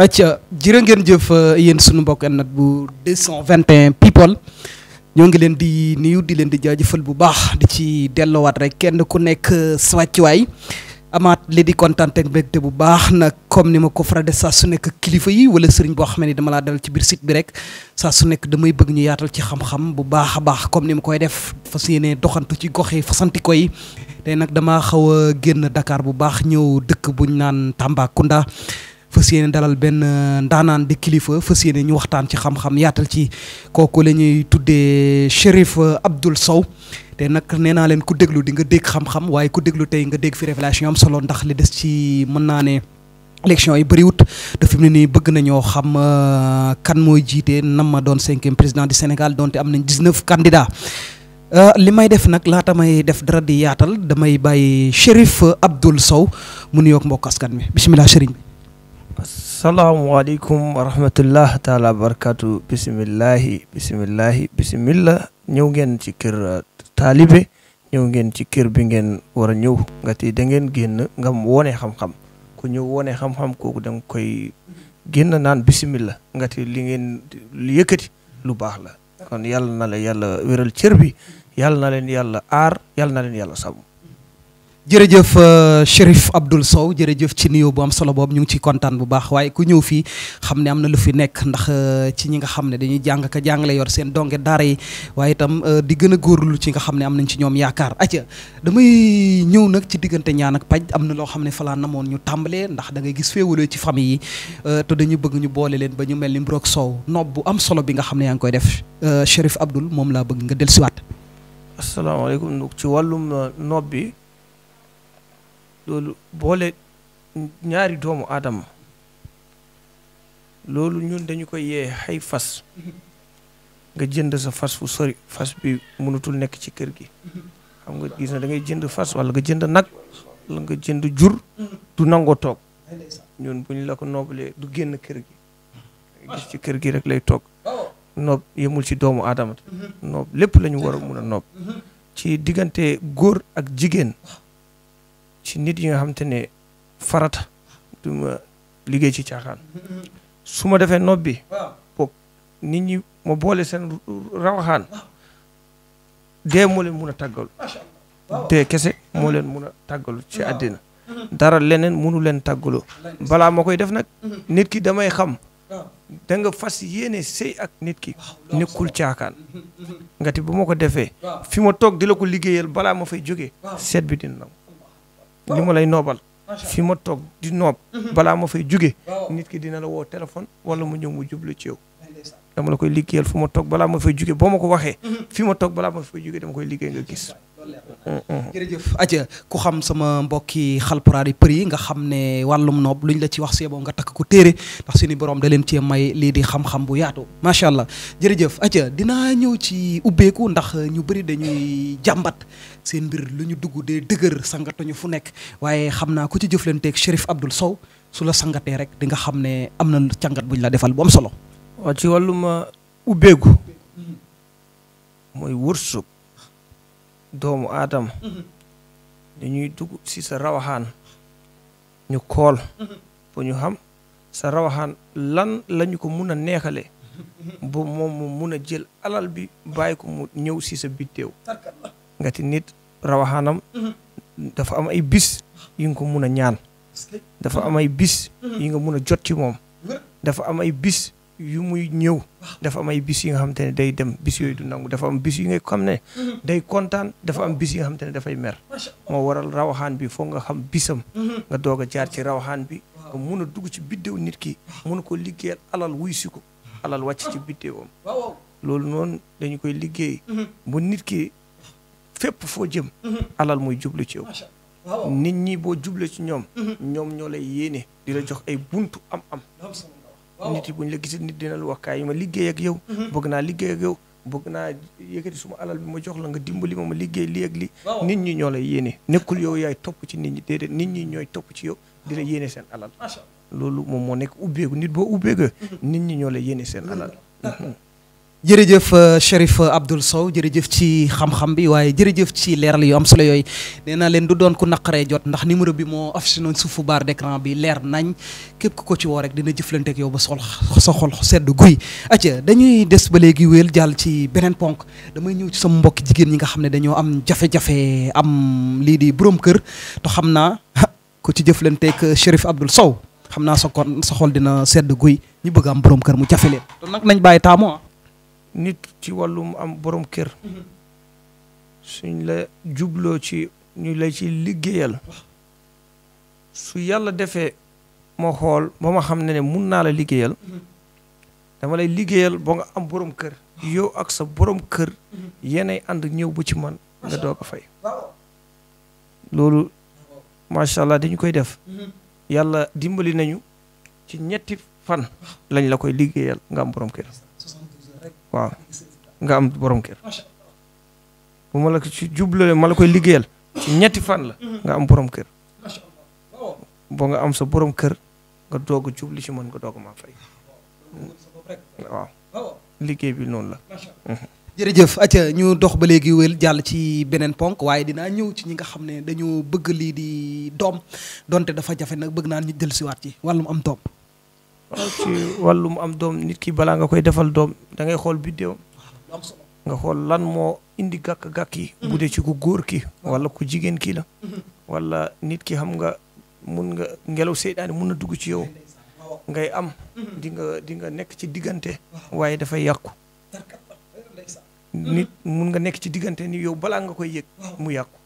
acca jërë ngeen jëf euh, yéen sunu mbokk nag bu 221 people ñoo ngi leen di nuyu di leen di jaajëfal bu baax di ci dellowaat rek kenn ku nekk euh, sa wàccuwaay amaat li di kontaan ak bu baax nag comme ni ma ko faral di su nekk kilifa yi wala sëriñ boo xam ne dama laa dal ci biir site bi rek saa su nekk damay bëgg ñu yaatal ci xam-xam bu baax a baax comme ni ma koy def fas yéene doxantu ci gox yi fasanti ko yi tey nag dama xaw a génn Dakar bu baax ñëw dëkk buñ naan Tambacounda. fas yéene dalal benn euh, ndaanaan di kilifa fas yéene ñu waxtaan ci xam-xam yaatal ci kooku la ñuy tuddee Chérif euh, Abdoul Sow te nag nee naa leen ku déglu di nga dég xam-xam waaye ku déglu tey nga dégg fi révélation am solo ndax li des ci mën naa ne élection yi bëriwut te fi mu ne nii bëgg nañoo xam euh, kan mooy jiite nam ma doon cinquième président du Sénégal donte am nañ 19 candidats. li may def nag laata may def dara di yaatal damay bàyyi Chérif Abdoul Sow mu nuyoog mbokk askan mi bisimilah Chérif. asalaamualeykum wa rahmatullah taala wa barakaatu bisimillahi bisimillahi bisimillah ñëw ngeen ci kër uh, taalibe ñëw ngeen ci kër bi ngeen war a ñëw nga ti da ngeen génn nga wone xam-xam ku ñëw woone xam-xam kooku da koy génn naan bisimillah nga ti li ngeen lu yëkkati lu baax la kon yàlla na la yàlla wéral cër bi yàlla na leen yàlla aar yàlla na leen yàlla sàmm jërëjëf euh, Chérif Abdoul Sow jërëjëf ci nuyoo bu am solo boobu ñu ngi ciy kontaan bu baax waaye ku ñëw fii xam ne am na lu fi nekk ndax euh, ci ñi nga xam ne dañuy jàng ka jàngale yor seen donge daara yi waaye itam euh, di gën a góorlu ci nga xam ne am nañ ci ñoom yaakaar aca damay ñëw nag ci diggante ñaan paj am na loo xam ne falaa namoon ñu tàmbalee ndax dangay ngay gis féewaloo ci famille yi te dañu bëgg ñu boole leen ba ñu mel ni mbrok Sow nob bu am solo bi nga xam ne yaa ngi koy def Chérif abdul moom laa bëgg nga dellusiwaat asalaamaaleykum ci wàllum nob bi loolu boole ñaari doomu aadama loolu ñun dañu koy yee xay fas nga jënd sa fas fu sori fas bi mënatul nekk ci kër gi xam nga gis na da jënd fas wala nga jënd nag wala nga jënd jur du nangoo toog ñun bu ñu la ko noobalee du génn kër gi gis ci kër gi rek lay toog noob yemul ci doomu aadama noob lépp lañu war a mun a noob ci diggante góor ak jigéen ci nit yi nga xam te ne farata du ma liggéey ci caaxaan su ma defee nobbi boog nit ñi ma boole seen rawaxaan dee moo leen mun a tàggalu dee kese moo leen mun a tàggalu ci àddina mm-hmm. dara leneen munu leen tàggaloo balaa ma koy def nag mm-hmm. nit ki damay xam da nga fas yéene sëy ak nit ki nekkul caakaan mm-hmm. ngati bu ma ko defee fi ma toog di la ko liggéeyal balaa ma fay jóge seet bi dina nangu li ma lay noobal fi ma toog di noob mhm. balaa ma fay juge nit ki dina la woo téléphone wala mu ñëw mu jublu ci yow dama la koy liggéeyal fu ma toog balaa ma fay jóge boo ma ko waxee mhm. fi ma toog balaa ma fay jóge dama koy liggéey nga gis jërëjëf aja ku xam sama mbokki xalpulaar yi përi nga xam ne wàllum noob ñu la ci wax seeboo nga takk ko téere ndax suñu borom da leen cee may lii di xam-xam bu yaatu macha allah jërëjëf aja dinaa ñëw ci ubbeeku ndax ñu bëri dañuy jàmbat seen mbir lu ñu dugg dee dëgër sangatuñu fu nekk waaye xam naa ko ci jëflanteeg Chérif Abdoul Sow su la sangatee rek di nga xam ne am na càngat buñ la defal bu am solo. waaw ci wàllum uh, ubbeeku mm. doomu aadama mm-hmm. dañuy dugg ci sa rawaxaan ñu kool pour mm-hmm. ñu xam sa rawaxaan lan lañu ko mun a neexale mm-hmm. ba moom mun a jël alal bi bàyyi ko mu ñëw ci sa biddéew nga ti nit rawaxaanam dafa am ay bis yi nga ko mun a ñaan dafa am ay bis yi nga mun a jot ci moom dafa am ay bis yu muy ñëw dafa am ay bis yi nga xamante ne day dem bis yooyu du nangu dafa am bis yi nga xam ne mhm. day kontaan dafa am bis yi nga xamante ne dafay mer moo waral rawaxaan bi foog nga xam bisam mhm. nga doog a jaar ci rawaxaan bi nga mun a dugg ci biddéew nit ki mun ko liggéeyal alal wuy si ko mhm. alal wàcc ci ah. biddéewam loolu noonu dañu koy liggéey bu nit ki fépp foo jëm alal muy jublu ci yow nit ñi boo juble ci ñoom ñoom ñoo lay yéene di la jox ay buntu am am Oh. nit yi bu ñu la gisee nit dina la wax kaay ma liggéey ak mm-hmm. bëgg naa liggéey yow bëgg naa yëkkati suma alal bi ma jox la nga dimbali ma ma liggéey lii ak nit ñi ñoo lay yéene nekkul yow yaay topp ci nit ñi déedéet nit ñi ñooy topp ci yow. dina oh. yéene seen alal. loolu moom moo nekk ubbeeku nit boo ubbeeku. Mm-hmm. nit ñi ñoo lay yéene seen alal. Mm-hmm. jërëjëf euh, Cherif Abdoul Sow jërëjëf ci xam-xam bi waaye jërëjëf ci leeral yu am solo yooyu nee naa leen du doon ku naqaree jot ndax numéro bi moo affiché noonu suufu barre d'écran bi leer nañ képp ko ci woo rek dina jëflanteeg yow ba soxla sa xol sedd guy. acca dañuy des ba léegi wéel jàll ci beneen ponk damay ñëw ci sama mbokk jigéen ñi nga xam ne dañoo am jafe-jafe am lii di borom kër te xam naa ku ci jëflanteeg euh, Cherif Abdoul Sow xam naa sa kon sa xol dina sedd guy ñu bëgg am borom kër mu jafe leen. nit ci wàllum am boroom kër suñ la jubloo ci ñu lay ci liggéeyal su yàlla defee ma xool ba ma xam ne ne mun naa la liggéeyal dama lay liggéeyal ba nga am boroom kër yow ak sa boroom kër yéenay ànd ñëw bu ci man nga doog a fay loolu macha allah dañu koy def yàlla dimbali nañu ci ñetti fan lañ la koy liggéeyal nga am borom kër waaw nga am borom kër bu ma la ko ci jublale ma la koy liggéeyal ci ñetti fan la nga am borom kër boo nga am sa boroom kër nga doog a jubli ci man nga doog maa fay liggéey bi noonu la jërëjëf acca ñu dox ba léegi wél jàll ci beneen ponk waaye dinaa ñëw ci ñi nga xam ne dañu bëgg lii di doom donte dafa jafe nag bëgg naa ñu dellusiwaat ci wàllum am doom ci wàllum am doom nit ki balaa nga koy defal doom da ngay xool biddéewam nga xool lan moo indi gàkk-gàkk yi mm-hmm. bu dee ci ku góor ki mm-hmm. wala ku jigéen kii la mm-hmm. wala nit ki xam nga mun nga ngelaw seydaane mun na dugg ci yow ngay am di nga di nga nekk ci diggante waaye dafay yàqu nit mun nga nekk ci diggante ni yow balaa nga koy yëg mu yàqu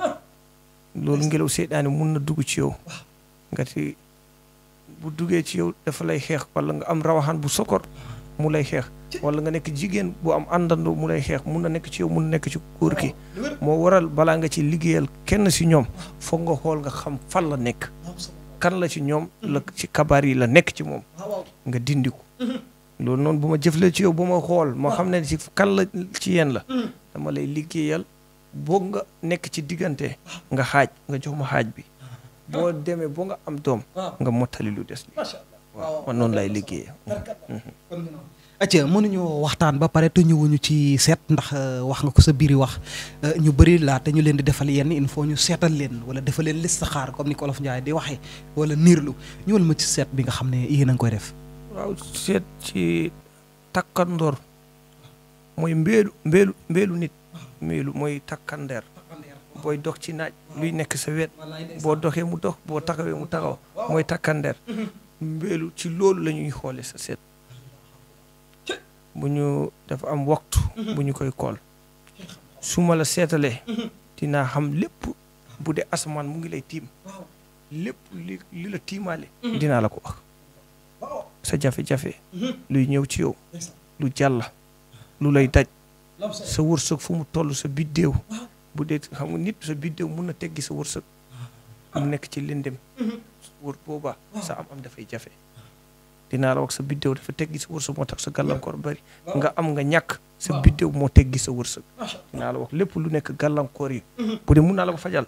ah. loolu ah. ngelaw seydaane mun na dugg ci yow nga ti bu duggee ci yow dafa lay xeex wala nga am rawaxaan bu sokor mu lay xeex wala nga nekk jigéen bu am àndandoo mu lay xeex mun na nekk ci yow mun na nekk ci góor ki moo waral balaa nga ci liggéeyal kenn si ñoom foog nga xool nga xam fan la nekk la ci ñoom la ci kabaar yi la nekk ci moom nga dindi ko loolu noonu bu ma jëflee ci yow bu ma xool ma xam ne ci kan la ci yéen la dama lay liggéeyal boog nga nekk ci diggante nga xaaj nga jox ma xaaj bi boo demee ba nga am doom. Ah. nga mottali lu des. macha waaw ah, man noonu lay liggéeyee. acca mm-hmm. mënuñoo waxtaan ba pare te ñëwuñu ci seet ndax euh, wax nga ko sa biiri wax euh, ñu bëri laata ñu leen di defal yenn il faut ñu seetal leen wala defal leen saxaar comme ni ko Olof Njaay di waxee wala niirlu ñëwal ma ci seet bi nga xam ne yéen a ngi koy def. waaw seet ci takkandoor mooy mbéelu mbéelu mbéelu nit. Ah. mbéelu mooy takkandeer. booy dox ci naaj luy nekk sa wet boo doxee mu dox boo taxawee mu taxaw mooy takkandeer mbéelu ci loolu la ñuy xoole sa seet bu ñu dafa am waxtu bu ñu koy kool su ma la seetalee dinaa xam lépp bu dee asamaan mu ngi lay tiim lépp li la tiimaale dinaa la ko wax sa jafe-jafe luy ñëw ci yow lu jàll lu lay daj sa wërsëg fu mu toll sa biddéew bu dee xam nga nit sa biddéew mun na teggi sa wërsëg. mu nekk ci lëndëm. Mhm. wër boobaa sa am am dafay jafe. dinaa la wax sa biddéew dafa teggi sa wërsëg moo tax sa gàllankoor bari nga am nga ñàkk sa biddéew moo teggi sa wërsëg. dinaa la wax lépp lu nekk gàllankoor yi. Mhm. bu dee mun naa la ko fajal.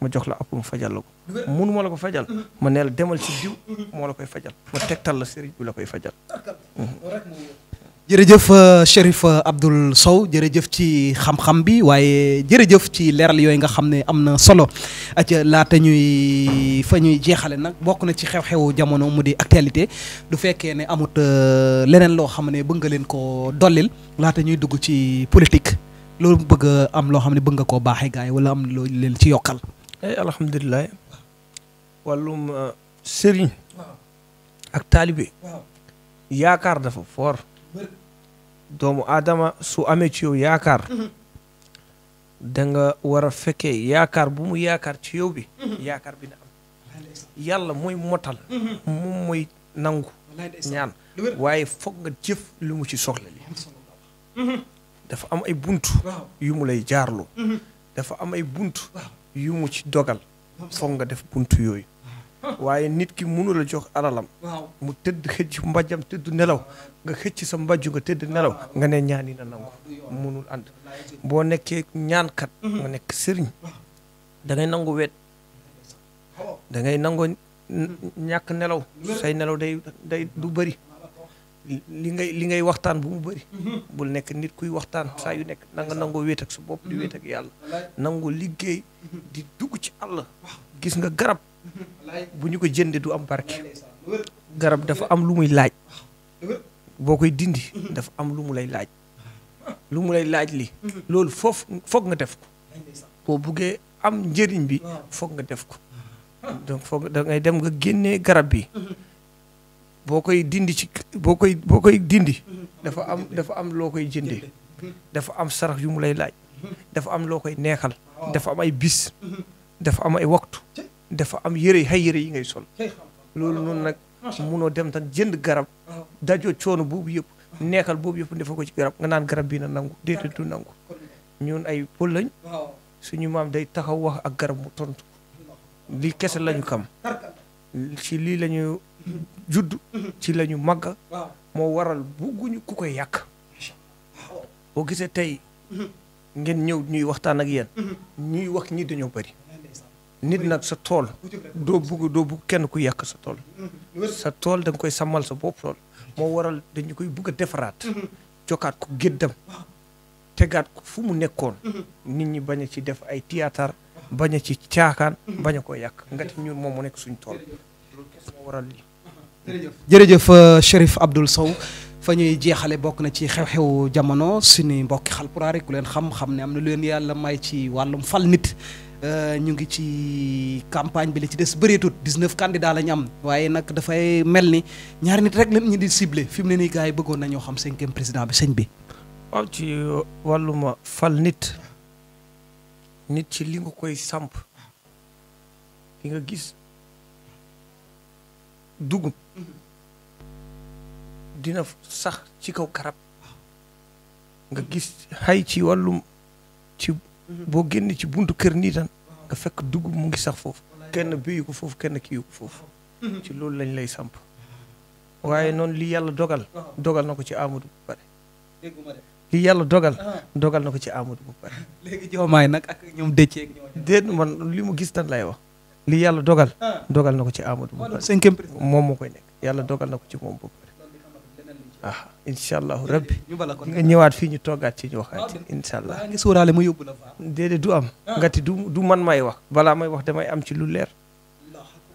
ma jox la app ma fajal la ko. munu ma la ko fajal. Mhm. ma ne la demal ci diw moo la koy fajal. ma tegtal la sëriñ bi la koy fajal. jërëjëf euh, Cherif euh, Abdoul Sow jërëjëf ci xam-xam bi waaye jërëjëf ci leeral yooyu nga xam ne am na solo ak laata ñuy fa ñuy jeexale nag bokk na ci xew-xewu jamono mu di actualité du fekkee ne amut euh, leneen loo xam ne bëgg nga leen ko dollil laata ñuy dugg ci politique loolu bëgg am loo xam ne bëgg nga koo baaxee gaay wala am loo leen ci yokkal. Eh, alhamdulilah wàllum sëriñ. ak taalibe. yaakaar dafa fort. doomu aadama su amee ci yow yaakaar mhm. da nga war a fekkee yaakaar bu mu yaakaar ci yow bi mhm. yaakaar bi na am yàlla mooy motal mhm. moom mooy nangu ñaan waaye foog nga jëf li mu ci soxla li dafa am ay bunt yu mu lay jaarlu dafa am ay bunt yu mu ci dogal foog nga def bunt yooyu waaye nit ki mënu la jox alalam. mu tëdd xëcc mbajam tëdd nelaw nga xëcc sa mbajju nga tëdd nelaw nga ne ñaani na nangu mënul ànd boo nekkee ñaankat. Mhm. nga nekk sëriñ da nangu wet dangay ngay nangoo ñàkk nelaw say nelaw day day du bari li ngay li ngay waxtaan bu mu bëri mhm. bul nekk nit kuy waxtaan saa yu nekk na nga nangoo wéet ak sa bopp di mhm. wéet ak yàlla nangu liggéey di dugg ci àll gis nga garab bu ñu ko jëndee du am barke garab dafa am lu muy laaj boo koy dindi dafa am lu mu lay laaj lu mu lay laaj li loolu foofu foog nga def ko boo buggee am njëriñ bi foog nga def ko donc foog da ngay dem nga génne garab bi boo koy dindi ci boo koy boo koy dindi dafa am dafa am loo koy jëndee dafa am sarax yu mu lay laaj dafa am loo koy neexal dafa am ay bis dafa am ay waxtu dafa am yëre xay yëre yi ngay sol loolu noonu nag munoo dem tan jënd garab dajoo coono boobu yëpp nekkal boobu yëpp dafa ko ci garab nga naan garab bii na nangu déedéet du nangu ñun ay pël lañ suñu maam day taxaw wax ak garab mu tontu lii kese lañu xam ci lii lañu judd ci lañu màgg moo waral bugguñu ku koy yàq boo gisee tey ngeen ñëw ñuy waxtaan ak yéen ñuy wax ñi dañoo bari nit nag sa tool doo bugg doo bugg kenn ku yàq sa tool sa tool da koy samal sa bopp tool moo waral dañu koy bugg a defaraat jokkaat ko géddam tegaat ko fu mu nekkoon nit ñi bañ a ci def ay théâtre bañ a ci caakaan bañ a ko yàq ngati ñun moom mu nekk suñ tool waral lii jërëjëf euh, Cherif Abdoul Sow fa ñuy jeexale bokk na ci xew-xewu jamono suñu mbokki xalpulaar yi ku leen xam xam ne am na lu leen yàlla may ci wàllum fal nit Euh, ñu ngi ci campagne bi li ci des bëreetut 19 candidats la ñu am waaye nag dafay mel ni ñaari nit rek lañ ñu di sible fi mu ne nii gars yi bëggoon ñoo xam cinquième président bi sëñ bi. waaw ci wàlluma fal nit nit ci li nga koy samp li nga gis dugub dina sax ci kaw karab nga gis xay ci wàllum ci. Mhm. boo génn ci buntu kër nii tan nga fekk dugub mu ngi sax foofu kenn biyu ko foofu kenn kiiwu ko foofu mhm. ci loolu lañ lay samp waaye noonu lii yàlla dogal uh-huh. dogal na ko ci Amadou bu pare li yàlla dogal uh-huh. dogal na ko ci Amadou bu pare léegi joomaay nag ak ñoom dëcceeg déet man li mu gis tan lay wax li yàlla dogal uh-huh. dogal na ko ci Amadou bu pare moom moo koy nekk yàlla dogal na ko ci moom bu pare ah incha allahu rabbi nga ñëwaat fii ñu toggaat ci ñu waxaat ah, incha allah nga sóoraale ma yóbbu la du am ah. ngati du du man may wax balaa may wax damay am ci lu leer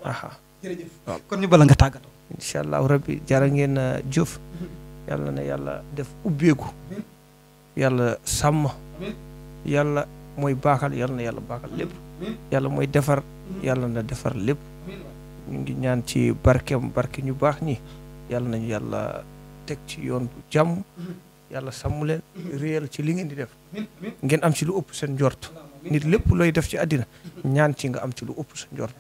aha waaw kon bala nga tàggatoo incha allahu rabbi jara ngeen jëf uh, mm-hmm. yàlla na yàlla def ubbeeku yàlla sàmm yàlla mooy baaxal yàlla na yàlla baaxal lépp yàlla mooy defar mm-hmm. yàlla na defar lépp ñu ngi ñaan ci barkeem barke ñu baax ñi yàlla nañu yàlla teg ci yoon bu jàmm yàlla sàmm réel ci li ngeen di def ngeen am ci lu ëpp seen njort nit lépp looy def ci àddina ñaan ci nga am ci lu ëpp seen njort